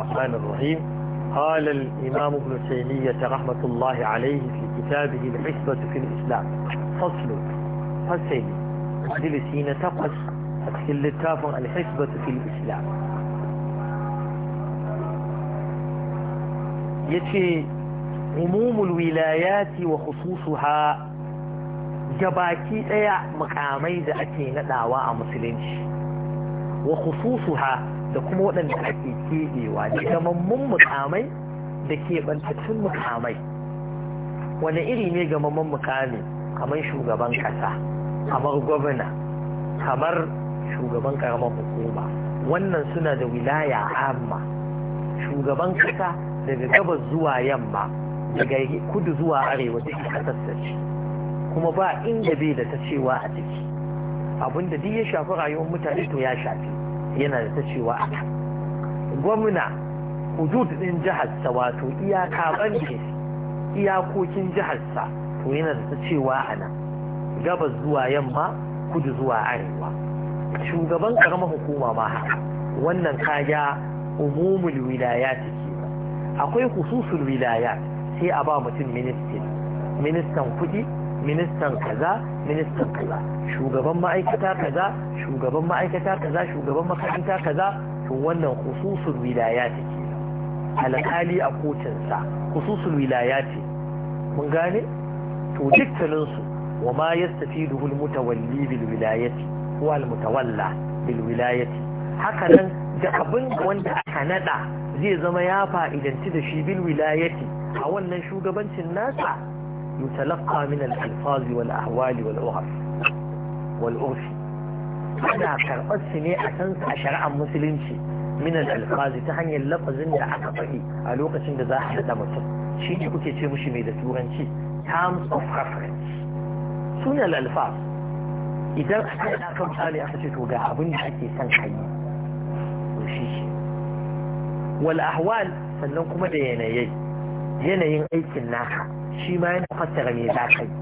الرحمن الرحيم قال الإمام ابن تيمية رحمة الله عليه في كتابه الحسبة في الإسلام فصل فصل مجلسين تقص أكسل التافع الحسبة في الإسلام يتي عموم الولايات وخصوصها جباكي ايا مقامي ذا اتينا ندعوا مسلمش وخصوصها da kuma waɗanda ake keɓewa da mun mukamai da keɓantattun mukamai wani iri ne gamammun mukami kamar shugaban ƙasa kamar gwamna kamar shugaban ƙaramar hukuma wannan suna da wilaya amma shugaban ƙasa daga gabas zuwa yamma daga kudu zuwa arewa duk ƙasarsa kuma ba inda bai da ta cewa a ciki abinda duk ya shafi rayuwar mutane to ya shafi yana da ta cewa a gwamna hudud ɗin sa wato iyaka banke iyakokin sa to yana da ta cewa a nan gabas zuwa yamma kudu zuwa arewa shugaban karamar hukuma ma haka wannan kaya umumul wilayat ke akwai kususun wilaya, sai a ba mutum ministan kudi ministan kaza ministan kaza shugaban ma'aikata kaza shugaban ma'aikata kaza shugaban makaranta kaza to wannan khususul wilaya ce alƙali a kotunsa khususul wilaya ce mun gane to dukkaninsu wa ma yastafiduhu almutawalli bil wilayati wa almutawalla bil wilayati haka nan da abin wanda aka nada zai zama ya fa'idanci da shi bil wilayati a wannan shugabancin nasa يتلقى من الألفاظ والأحوال والأغف والأغف أنا كربت سنة أسنس أشرع مسلمشي من الألفاظ تحني اللفظ إن أكفئي ألوقة إن ذا حدث مصر شيء كنت يتشمشي ميدة تورنشي terms of reference سنة الألفاظ إذا أنا كم سالي أخذت وقع أبني حتي سنحي وشيشي والأحوال sannan kuma da yanayi yanayin aikin naka shi ma yana fassara me za ka yi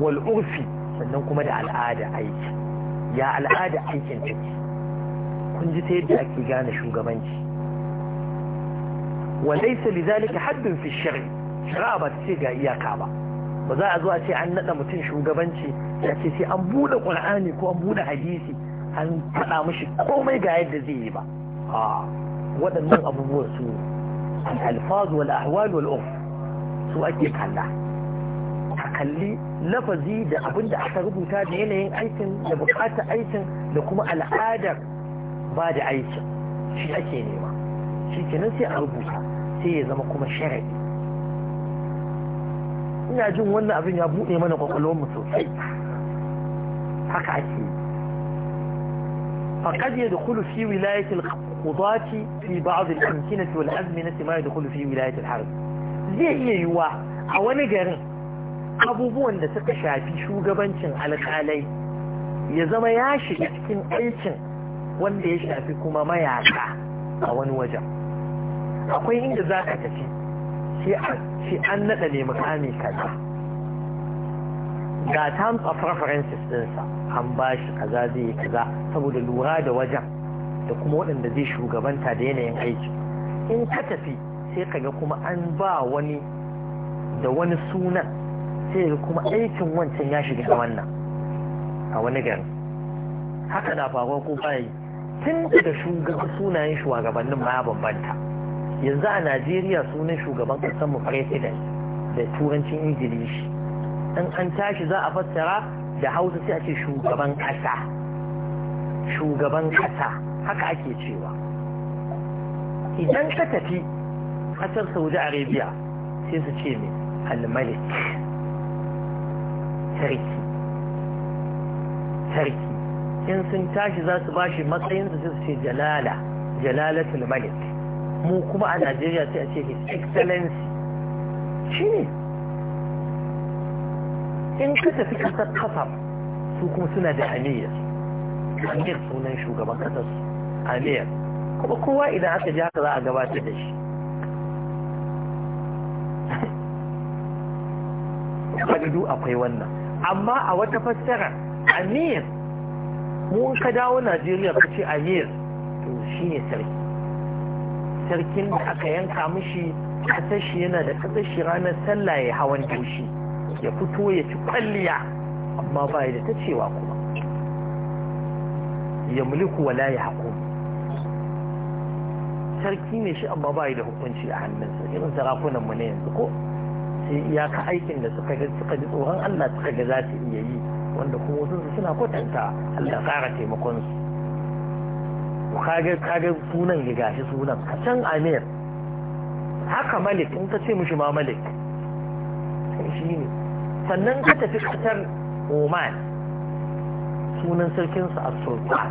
wal urfi sannan kuma da al'ada aiki ya al'ada aikin take kun ji ta yadda ake gane shugabanci wa laysa lidhalika haddun fi shar'i shari'a ba ta ce ga iyaka ba ba za a zo a ce an naɗa mutum shugabanci ya ce sai an buɗe ƙur'ani ko an buɗe hadisi an faɗa mashi komai ga yadda zai yi ba waɗannan abubuwan su alfazu wal ahwal wal urf su ake kalla a kalli lafazi da abin da aka rubuta da yanayin aikin da bukatar aikin da kuma al'adar ba da aikin shi ake nema shi kenan sai a rubuta sai ya zama kuma shara'i ina jin wannan abin ya buɗe mana mu sosai haka ake yi فقد يدخل في ولاية القضاة في بعض الأمكنة والأزمنة ما يدخل في ولاية الحرب zai iya yiwuwa a wani garin abubuwan da suka shafi shugabancin alƙalai ya zama ya shiga cikin aikin wanda ya shafi kuma mayaka a wani wajen akwai inda za ka tafi shi an naɗa ne mukami kaza ga terms of references ɗinsa an ba shi kaza zai yi kaza saboda lura da wajen da kuma waɗanda zai shugabanta da yanayin aiki in ka tafi sai kaga kuma an ba wani da wani sunan sai ga kuma aikin wancan ya shiga na wannan a wani gari haka na faruwa ko bayi tun daga shugaban sunayen shugabannin ma bambanta yanzu a najeriya sunan shugaban kasar mu president da turancin ingilishi in an tashi za a fassara da hausa sai a ce shugaban kasa shugaban kasa haka ake cewa idan ka tafi قتل سوداء عربية سيسو تشيمي الملك تاريكي تاريكي سيسو تاشي ذات باشي مطين سيسو تشي جلالة جلالة الملك مو كما أنا جيجا تأتيه إكسلنس شيني إن يعني كنت في كنت تخطر سوكم سنة دي أمير أمير سونا يشوك بكتر أمير كما كوا إذا أتجاك لا أقواتي بشي fa'idu akwai wannan amma a wata fassara amir mun ka dawo najeriya ka ce amir to shi ne sarki sarkin da aka yanka mishi kasashi yana da kasashi ranar sallah ya hawan doshi ya fito ya ci kwalliya amma ba da ta cewa kuma ya mulku wala ya haku sarki ne shi amma ba da hukunci a hannunsa irin sarakunan mu ne yanzu ko sai ya ka aikin da suka ji suka ji tsoron Allah suka ga za su iya yi wanda kuma wasu suna kwatanta Allah ƙara taimakon su kaga sunan ga gashi sunan ka san amir haka malik in ka ce mishi ma malik shi ne sannan ka tafi kasar oman sunan sarkinsa a sultan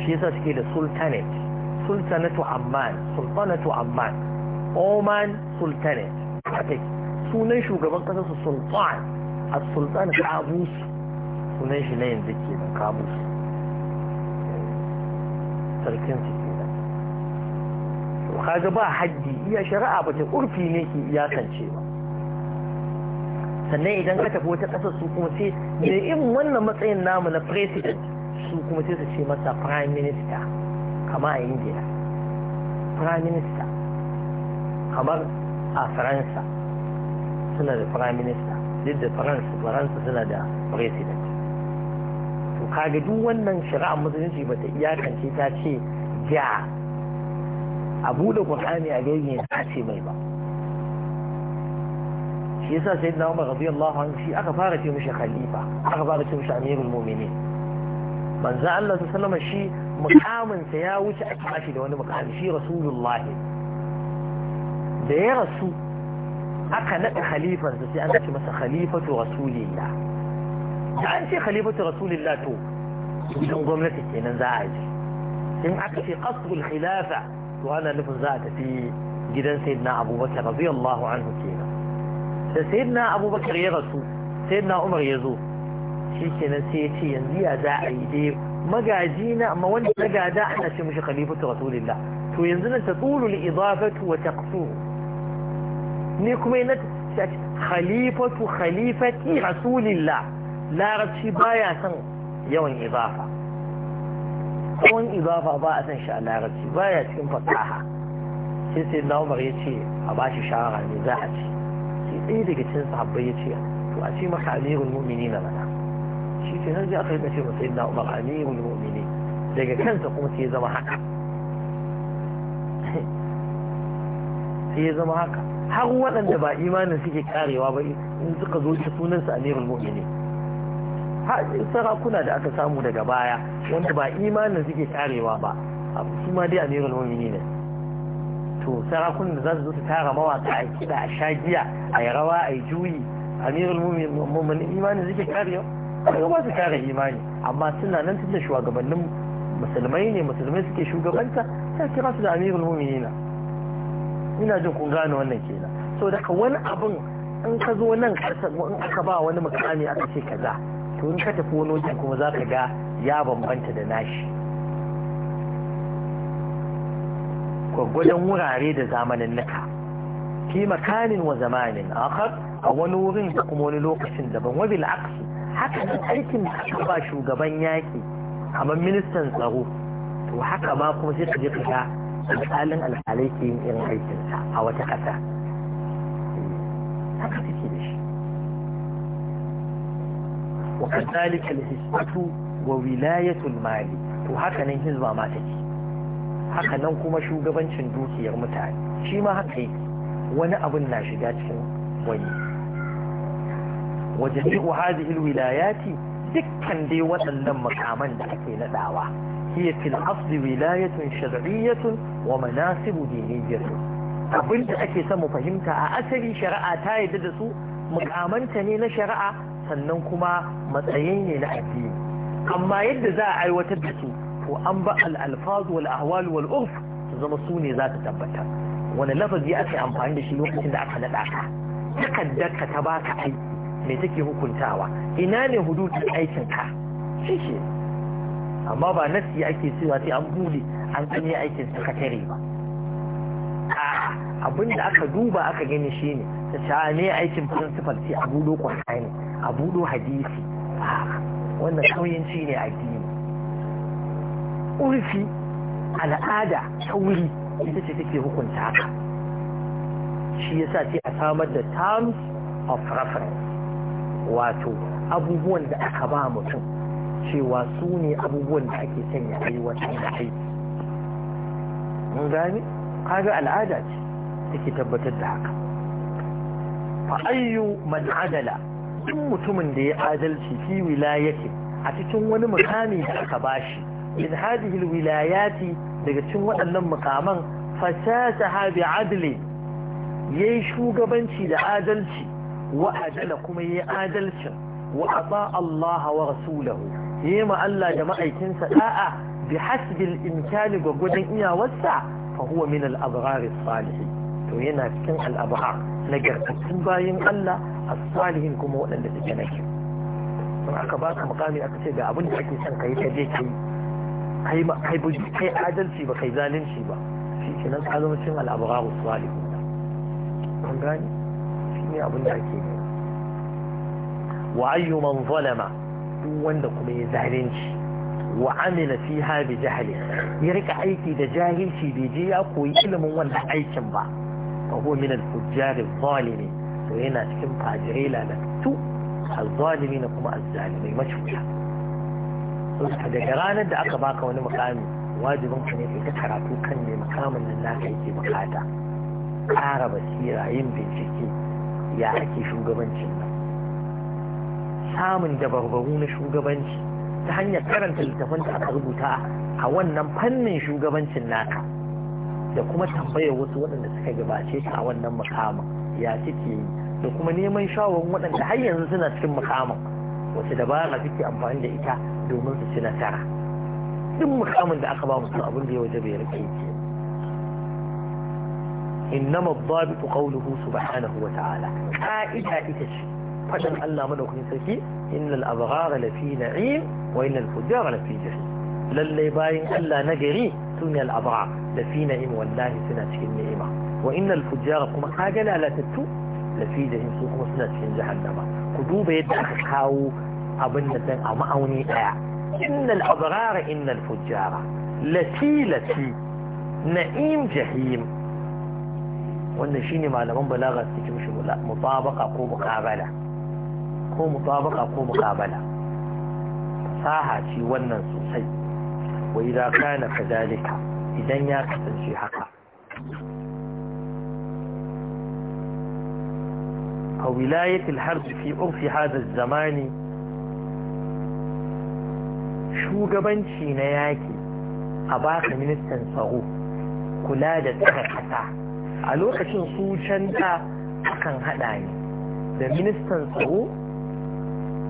shi yasa suke da sultanate sultanatu amman sultanatu amman oman sultanate sunan shugaban kasa su sultan a sultan kabus sunan shi na yanzu ke da kabus sarkin su ke da kaga ba haddi iya shari'a ba ta urfi ne ke iyakance ba sannan idan ka tafi wata kasa su kuma sai da in wannan matsayin namu na president su kuma sai su ce masa prime minister kama a india prime minister kamar a faransa suna da prime minister duk da faransa faransa suna da president to kaga duk wannan shari'ar musulunci ba ta iyakance ta ce ja a bude ƙwarƙani a gaibe ta ce mai ba shi yasa sai da umar rabi Allah shi aka fara ce mishi khalifa aka fara ce mishi amirul mu'minin manzo Allah sallallahu alaihi shi mukaminsa ya wuce ake bashi da wani mukami shi rasulullahi da ya rasu aka naɗa khalifarsa sai an ce masa khalifatu rasulillah da an ce khalifatu rasulillah to idan gwamnati kenan za a ji in aka ce qasrul khilafa to ana nufin za a tafi gidan sayyidina abubakar radiyallahu anhu kenan da sayyidina abubakar ya rasu sayyidina umar ya zo shi kenan sai ya ce yanzu ya za a yi dai magaji na amma wanda na gada ana ce mishi khalifatu rasulillah to yanzu ta tatulu li idafatu wa taqsu ni kuma yana khalifatu khalifati rasulillah larabci baya son yawan idafa yawan idafa ba a san shi a larabci baya cikin fasaha sai sai na umar ya ce a bashi shawara ne za a ce sai ɗaya daga cikin sahabbai ya ce to a ce maka amirul mu'minin na mana shi ke nan aka yi ce masa na umar amirul mu'mini daga kansa kuma sai zama haka sai zama haka har waɗanda ba imanin suke karewa ba in suka zo da sunansa amirul mu'mini har sarakuna da aka samu daga baya wanda ba imanin suke karewa ba su ma dai amirul mu'mini ne to sarakunan da za su zo su tara mawaka a kiɗa a shagiya a yi rawa a yi juyi amirul mummini imanin suke karewa kaga ba su kare imani amma suna nan tunda shugabannin musulmai ne musulmai suke shugabanta sai kira su da amirul mu'minina ina jin kun gane wannan kenan so daga wani abin in ka zo nan in aka ba wani mukami aka ce kaza to in ka tafi wani wajen kuma za ka ga ya bambanta da nashi gwaggwadon wurare da zamanin naka fi makanin wa zamanin akhar a wani wurin da kuma wani lokacin daban wabil aqsi haka nan aikin da aka ba shugaban yaƙi kamar ministan tsaro to haka ma kuma sai ka je ka ga alƙalin ke yin irin aikinsa a wata ƙasa eh, haka suke da shi wa kazalika al-hisbatu wa wilayatul mali to haka nan hizba ma take haka nan kuma shugabancin dukiyar mutane shi ma haka yake wani abun na shiga cikin wani wa jami'u hadhihi alwilayati dukkan dai waɗannan makaman da ake naɗawa. hiya fil asli wilayatun shar'iyyatun wa munasibu manasibu diniyyatun abinda ake son mu fahimta a asali shari'a ta yadda da su mukamanta ne na shari'a sannan kuma matsayin ne na addini amma yadda za a aiwatar da su to an ba al-alfaz wal ahwal wal urf su zama su ne za ta tabbata wani lafazi aka yi amfani da shi lokacin da aka naɗa ka takaddar ka ta baka aiki mai take hukuntawa ina ne hududin aikin ka shi ke amma ba nasi ake cewa sai an bude an gani aikin sakatare ba abin da aka duba aka gani shi ne ta sha ne aikin principal sai a budo kwanani a budo hadisi wannan kauyanci ne addini urfi al'ada ta wuri ita ce take hukunta haka shi yasa sai a samar da terms of reference wato abubuwan da aka ba mutum cewa su ne abubuwan da ake sanya aiwatar da aiki mun gane kaga al'ada ce take tabbatar da haka fa ayyu man adala duk mutumin da ya adalci fi wilayati a cikin wani mukami da aka bashi in hadhihi wilayati daga cikin waɗannan mukaman ta bi adli yayi shugabanci da adalci wa'adala adala kuma yi adalcin wa aba Allah wa rasulahu yi ma Allah da ma'aikinsa da'a bi hasbil imkani gwagwadon iyawarsa fa huwa min al-abrar salihin to yana cikin al-abrar nagartattun bayin Allah as-salihin kuma waɗanda suke nake don aka baka mukami aka ce ga abin da ake son kai ka je kai kai kai kai adalci ba kai zalunci ba shi kenan ka zama cikin al-abrar salihin kun gani ne abin da ake yi wa ayyu zalama duk wanda kuma ya zalunci wa Amina fiha bi jahli ya rika aiki da jahilci bai je ya koyi ilimin wannan aikin ba fa huwa min al-fujjar zalimi to yana cikin fajirai lalattu al-zalimi na kuma al-zalimai macuta to daga ranar da aka baka wani mukami wajibin ka ne kai ka karatu kan ne mukamin nan naka yake bukata ƙara basira yin bincike ya ake shugabancin nan samun dabarbaru na shugabanci ta hanyar karanta littafin da aka rubuta a wannan fannin shugabancin naka da kuma tambayar wasu waɗanda suka gabace ta a wannan makama ya suke yi da kuma neman shawarwarin waɗanda har yanzu suna cikin makaman wace dabara suke amfani da ita domin su ci nasara duk mukamin da aka ba mutum abin da ya waje bai rike ke إنما الضابط قوله سبحانه وتعالى كائدة إتش فشن ألا من أخرين سكي إن الأبغار لفي نعيم وإن الفجار لفي جحيم للي باين ألا نجري سنة الأبغار لفي نعيم والله سنة النعيمة وإن الفجار كما حاجة لا لا تتو لفي جحيم سوكم سنة جهنم قدوب يدخل أبن لن أمأوني أع إن الأبغار إن الفجار لفي لفي نعيم جحيم wannan shine malaman balaga suke mishi mutabaka ko muqabala ko mutabaka ko muqabala saha ce wannan sosai wa idza kana kadalika idan ya kasance haka ولاية الحرب في zamani. هذا الزمان شو a baka أباك من التنصغو da دتغ حتى a lokacin su can da akan haɗa ne da ministan tsaro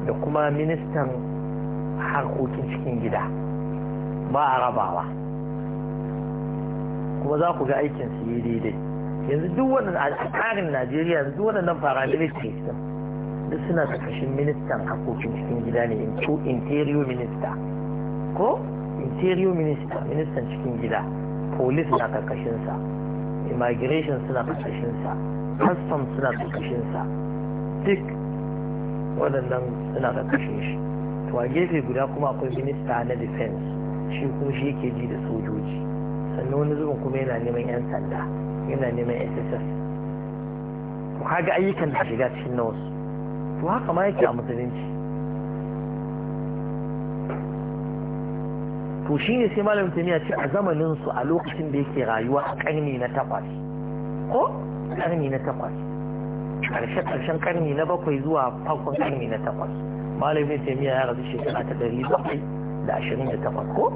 da kuma ministan harkokin cikin gida ba a rabawa kuma za ku ga aikin su yi daidai yanzu duk wannan a tsarin najeriya yanzu duk wannan paramilitary system duk suna tsakashin ministan harkokin cikin gida ne interior minister ko interior minister ministan cikin gida polis na karkashinsa immigration suna ƙarƙashinsa custom suna ƙarƙashinsa duk waɗannan suna ƙarƙashin shi to a gefe guda kuma akwai minista na defense shi kuma shi yake ji da sojoji sannan wani zubin kuma yana neman 'yan sanda yana neman sss to kaga ayyukan da shiga cikin na wasu to haka ma yake a musulunci to shi ne sai malam tamiya ce a zamanin su a lokacin da yake rayuwa a karni na takwas ko karni na takwas karshe karshen karni na bakwai zuwa farkon karni na takwas malamin tamiya ya rasu shekara ta ɗari bakwai da ashirin da takwas ko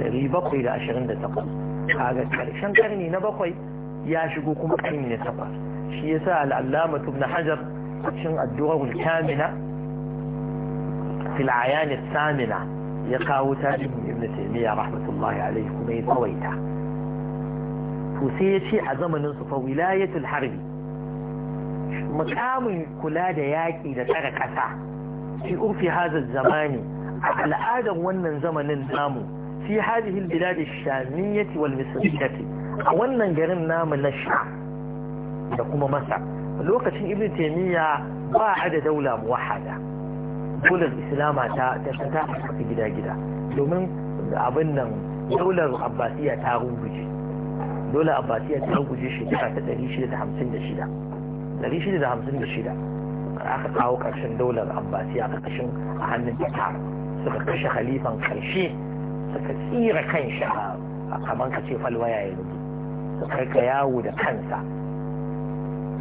ɗari bakwai da ashirin da takwas kaga karshen karni na bakwai ya shigo kuma karni na takwas shi ya sa al'allama tubna hajar cikin addu'ar wulkamina filayanin samina. ya kawo tarihin ibn taymiya rahmatullahi alaihi kuma ya tsawaita to sai ya ce a zamanin su fa wilayatul harbi mukamin kula da yaƙi da tsare ƙasa fi urfi zamani a al'adar wannan zamanin namu fi hadihil bilad ash-shamiyyah wal misriyyah a wannan garin namu na sha da kuma masa lokacin ibn taymiya ba a da daula muwahhada daular islama ta ta gida-gida domin abin nan daular abbasiya ta ruguje daular abbasiya ta ruguje shekara ta 656 656 aka kawo karshen daular abbasiya a ƙarshen a hannun tatar suka kashe khalifan karshe suka tsira kan shi a kaman ka ce yi yanzu suka ka yawo da kansa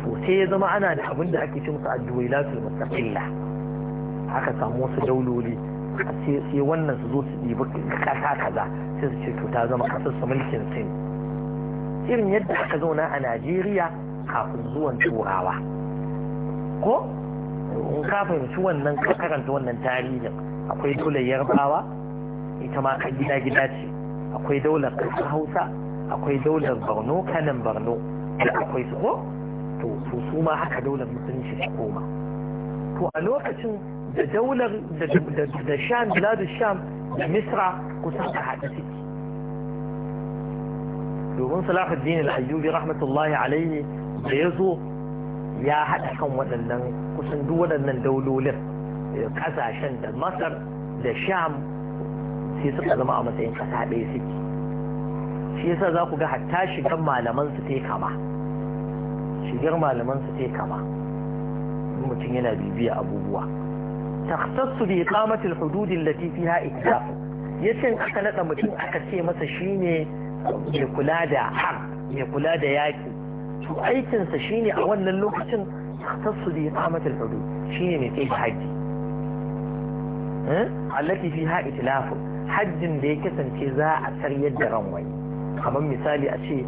to sai ya zama ana da abin da ake cin ce musu addu'ailatul mustaqillah aka samu wasu dauloli sai wannan su zo su ɗibi ƙasa kaza sai su ce to ta zama ƙasar su mulkin sin irin yadda aka zauna a najeriya kafin zuwan turawa ko in ka fahimci wannan karanta wannan tarihin akwai daular yarbawa ita ma kan gida gida ce akwai daular ƙasa hausa akwai daular borno kanan borno da akwai su ko to su ma haka daular mutunci su koma to a lokacin da daular da sham biladu sham da misra kusan a haɗe suke domin salahuddin al'ayyubi rahmatullahi alaihi da ya zo ya haɗa kan waɗannan kusan duk waɗannan daulolin ƙasashen da masar da sham sai suka zama a matsayin ƙasa ɗaya suke shi yasa za ku ga hatta shigar malaman su tai kama shigar malaman su tai kama mutum yana bibiya abubuwa تختص بإقامة الحدود التي فيها إتلاف يسن أخلق متن أكسي مسشيني يقول دا حرب يقول دا ياكي أي تنسشيني أولا لوقت تختص بإقامة الحدود شيني نتيجة حجي التي فيها إتلاف حج da ya kasance za a sarye da ranwani kamar misali a ce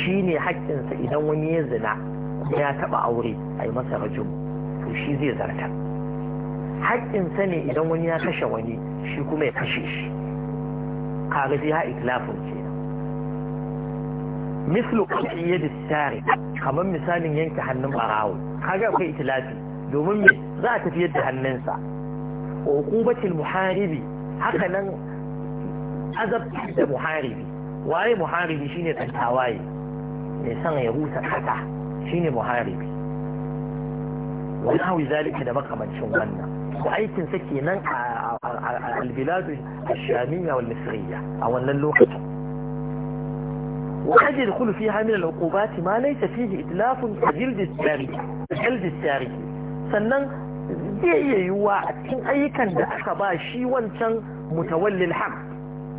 shi ne haƙƙinsa idan wani ya zina ya taɓa aure a yi masa rajin to shi zai zartar haƙƙinsa ne idan wani ya kashe wani shi kuma ya kashe shi kaga ji ha ikilafin ce mislu kuɗi ya disari kamar misalin yanke hannun barawo kaga akwai ikilafi domin me za a tafi yadda hannunsa wa hukubatil muharibi haka nan azabtar da muharibi waye muharibi shine ɗan tawaye mai son ya rusa ƙasa shine muharibi wani hawi zalika da makamancin wannan aikin sa kenan a albiladu الشامية والمصرية أو أن اللغة وقد يدخل فيها من العقوبات ما ليس فيه إتلاف كجلد الساري جلد الساري sannan zai iya yiwuwa a cikin ayyukan da aka ba shi wancan mutawallil haq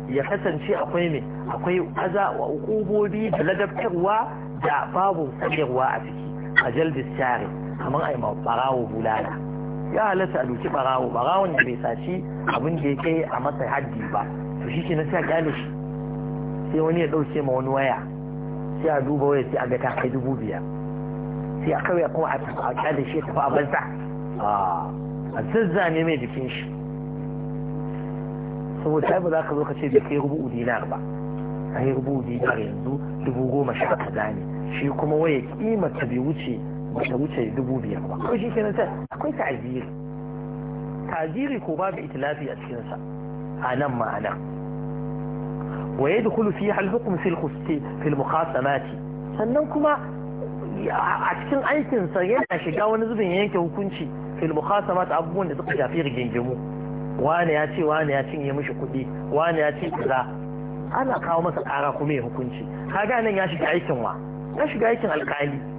ya kasance akwai ne akwai aza wa hukubobi da ladabtarwa da babu sanarwa a ciki a jaldis share kamar a yi barawo bulala ya halatta a doki barawo barawon da bai saci abin da ya kai a masa haddi ba to shi ke na sai a kyale shi sai wani ya dauke ma wani waya sai a duba waya sai a ga ta kai dubu biyar sai a kawai kuma a kyale shi ya tafi a banza ah, a ne mai jikin shi saboda sai ba za ka zo ka ce bai kai rubu dinar ba a yi rubu dinar yanzu dubu goma sha ta ne shi kuma waya kima ta bai wuce ba ta wuce dubu biyar ba kawai shi kenan sai akwai ta'ziri ta'ziri ko babu itilafi a sa a nan ma a nan wa yadkhulu dukulu fi hal hukum fil khusti fil mukhasamati sannan kuma a cikin aikin sa yana shiga wani zubin yanke hukunci fil mukhasamat abubuwan da suka shafi rigingimu wani ya ce wani ya cinye mishi kuɗi wani ya ce kaza ana kawo masa ƙara kuma ya hukunci kaga nan ya shiga aikin wa ya shiga aikin alƙali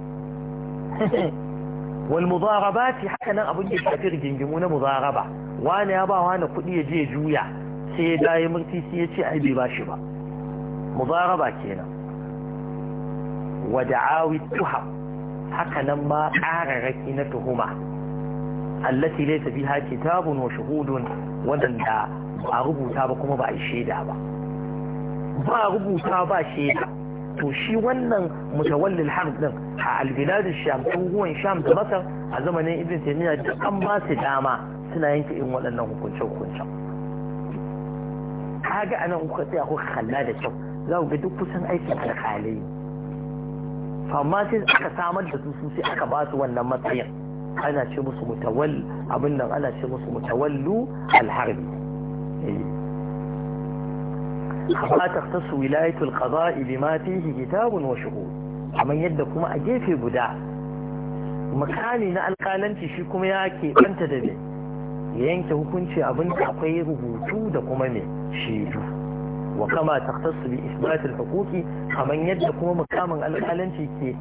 wal mudarabati haka nan abin da shafi rigingimu na mudaraba wani ya ba wani kuɗi ya je juya sai ya dawo murti sai ya ce ai ba shi ba mudaraba kenan wa da'awi tuham haka nan ma ƙararraki na tuhuma allati laysa biha kitabun wa shuhudun wadanda ba rubuta ba kuma ba a shaida ba ba rubuta ba shaida to shi wannan mutawallil harb din a albilad sham tunguwan sham da masar a zamanin ibn taymiya duk an ba su dama suna yanke irin waɗannan hukunce ka kaga anan kuka tsaya kuka kalla da kyau za ku ga duk kusan aikin alƙalai amma sai aka samar da su su sai aka ba su wannan matsayin ana ce musu mutawall abin nan ana ce musu mutawallu alharbi eh. amma taqtasu wilayatul qada'i bima fihi kitabun wa shuhud amma yadda kuma a gefe guda makami na alƙalanci shi kuma ya ke da me yanke hukunci abin da akwai rubutu da kuma me shaidu wa kama taqtasu bi isbatil huquqi amma yadda kuma mukamin alƙalanci ke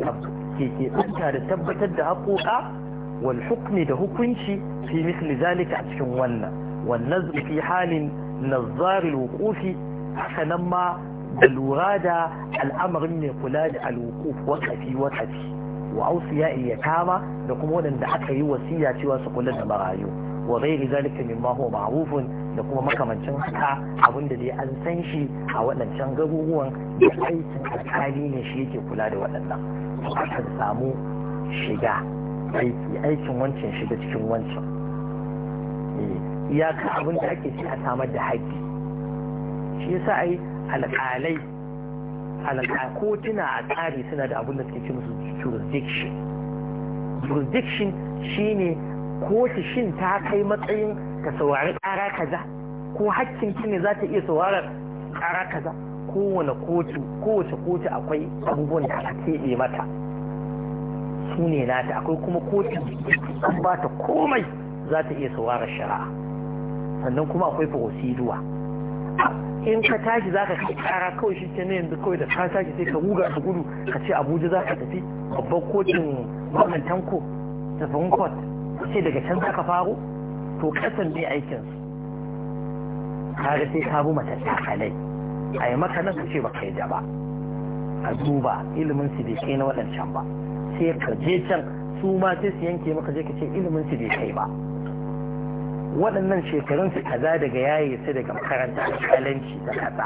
ke da tabbatar da haƙoƙa والحكم ده هكونشي في مثل ذلك أتشون ولا والنزل في حال نظار الوقوف haka nan ma da lura da al'amarin mai kula da alwukuf wakafi wakafi wa ya iya kama da kuma waɗanda aka yi wasiya cewa su kula da marayu wa ghairi zalika mimma huwa ma'rufun da kuma makamancin haka abinda dai an san shi a waɗancan garuruwan da aikin alkali ne shi yake kula da waɗannan aka samu shiga aiki aikin wancan shiga cikin wancan eh, iyaka abin da ake ci a samar da haƙƙi shi yasa ai alƙalai ko kotuna a tsari suna da abin da suke ce jurisdiction jurisdiction shine kotu shin ta kai matsayin ka saurari ƙara kaza ko hakkin ki ne za ta iya sauraron ƙara kaza kowane kotu kowace kotu akwai abubuwan da ake keɓe mata su ne nata akwai kuma kotu an ba ta komai za ta iya sauraron shari'a sannan kuma akwai fa'osiduwa in ka tashi za ka kai kara kawai shi ke na yanzu kawai da ka tashi sai ka wuga da gudu ka ce abuja za ka tafi babban kotun gwamnan tanko da court ka ce daga can za ka faro to kasan ne su kaga sai ka bi matattakalai a yi maka nan ka ce ba da ba a duba ilimin su bai kai na waɗancan ba sai ka je can su ma sai su yanke maka je ka ce ilimin su bai kai ba waɗannan shekarun su kaza daga yayi su daga makaranta alƙalanci da kaza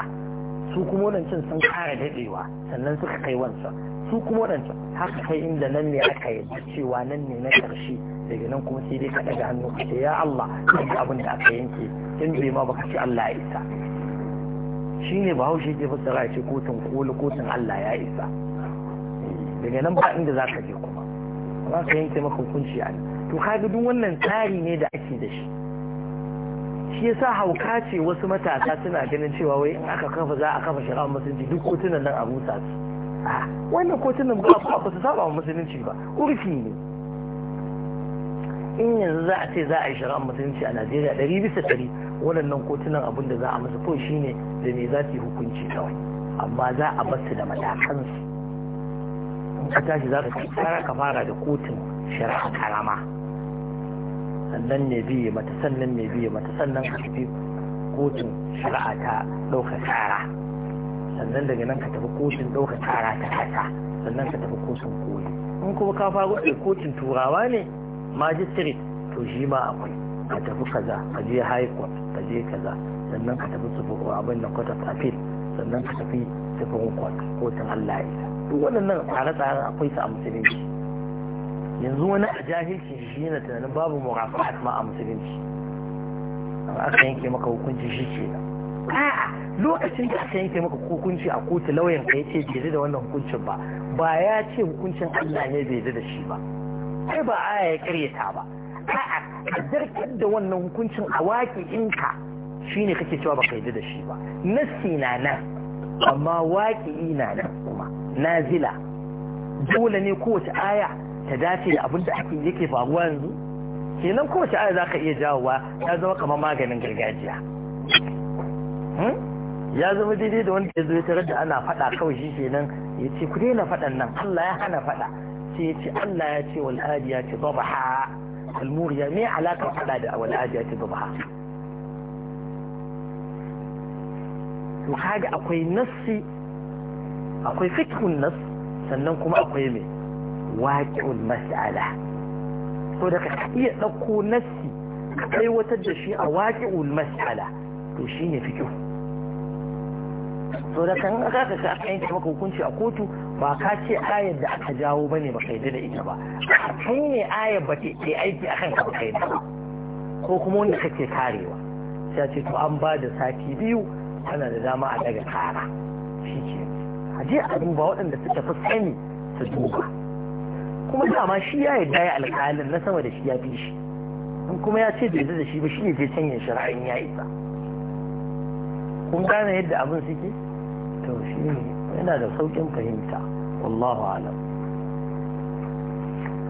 su kuma waɗancan sun ƙara daɗewa sannan suka kai wansa su kuma waɗancan haka kai inda nan ne aka yi cewa nan ne na ƙarshe daga nan kuma sai dai ka ɗaga hannu ka ce ya Allah ji abin da aka yanke in bai ma baka ce Allah ya isa shi ne bahaushe ke fassara a ce kotun koli kotun Allah ya isa daga nan ba inda za ka je kuma ba ka yanke maka hukunci a to kaga duk wannan tsari ne da ake da shi shi sa hauka ce wasu matasa suna ganin cewa wai aka kafa za a kafa shari'ar musulunci duk kotunan nan a busa su wannan kotunan ba ba su saba musulunci ba urfi ne in yanzu za a ce za a yi shari'ar musulunci a najeriya ɗari bisa ɗari waɗannan kotunan abin da za a masa shi ne da me za su yi hukunci kawai amma za a basu da matakansu in ka tashi za ka ka fara da kotun shari'a karama sannan ne biye mata sannan ne biye mata sannan ka tafi kotun shari'a ta ɗauka tsara sannan daga nan ka tafi kotun ɗauka tsara ta kasa sannan ka tafi kotun koli in kuma ka faru a kotun turawa ne magistrate to shi ma akwai ka tafi kaza ka je high court ka je kaza sannan ka tafi sufuru abin da court of appeal sannan ka tafi sufuru court kotun allah ya duk waɗannan tsare-tsaren akwai su a musulunci yanzu wani a jahilci shi yana tunanin babu murafahat ma a musulunci amma aka yanke maka hukunci shi ce a'a lokacin da aka yanke maka hukunci a kotu lauyan ka yace bai da wannan hukuncin ba ba ya ce hukuncin Allah ne bai da shi ba sai ba aya ya karyata ba a'a kaddarkar da wannan hukuncin a waki inka shine kake cewa baka yi da shi ba nassi na nan amma waki na nan kuma nazila dole ne kowace aya ta dace da abin da ake yake faruwa yanzu kenan kowace aya za ka iya jawowa ya zama kamar maganin gargajiya hmm? ya zama daidai da wanda ya zo ya tarar da ana faɗa kawai shi kenan ya ce ku daina faɗan nan Allah ya hana faɗa sai ya ce Allah ya ce wal'adi ya ce al almuriya me alaka faɗa da wal ya ce dabaha to kaga akwai nassi akwai fikhun nas sannan kuma akwai mai waƙi'un mas'ala so da ka iya ɗauko nassi ka aiwatar da shi a waƙi'un mas'ala to shi ne kyau. so da kan aka ka aka yanke maka hukunci a kotu ba ka ce ayar da aka jawo ba ne ba ka yi da ita ba kai ne ayar ba ke aiki a kan ba ko kuma wanda kake karewa ya ce to an ba da sati biyu tana da dama a daga kara shi ke a a duba waɗanda suka fi sani su duba kuma dama shi ya yarda ya alƙalin na sama da shi ya fi shi in kuma ya ce bai yarda da shi ba shi ne zai canya in ya isa kun gane yadda abin suke to shi ne yana da sauƙin fahimta wallahu alam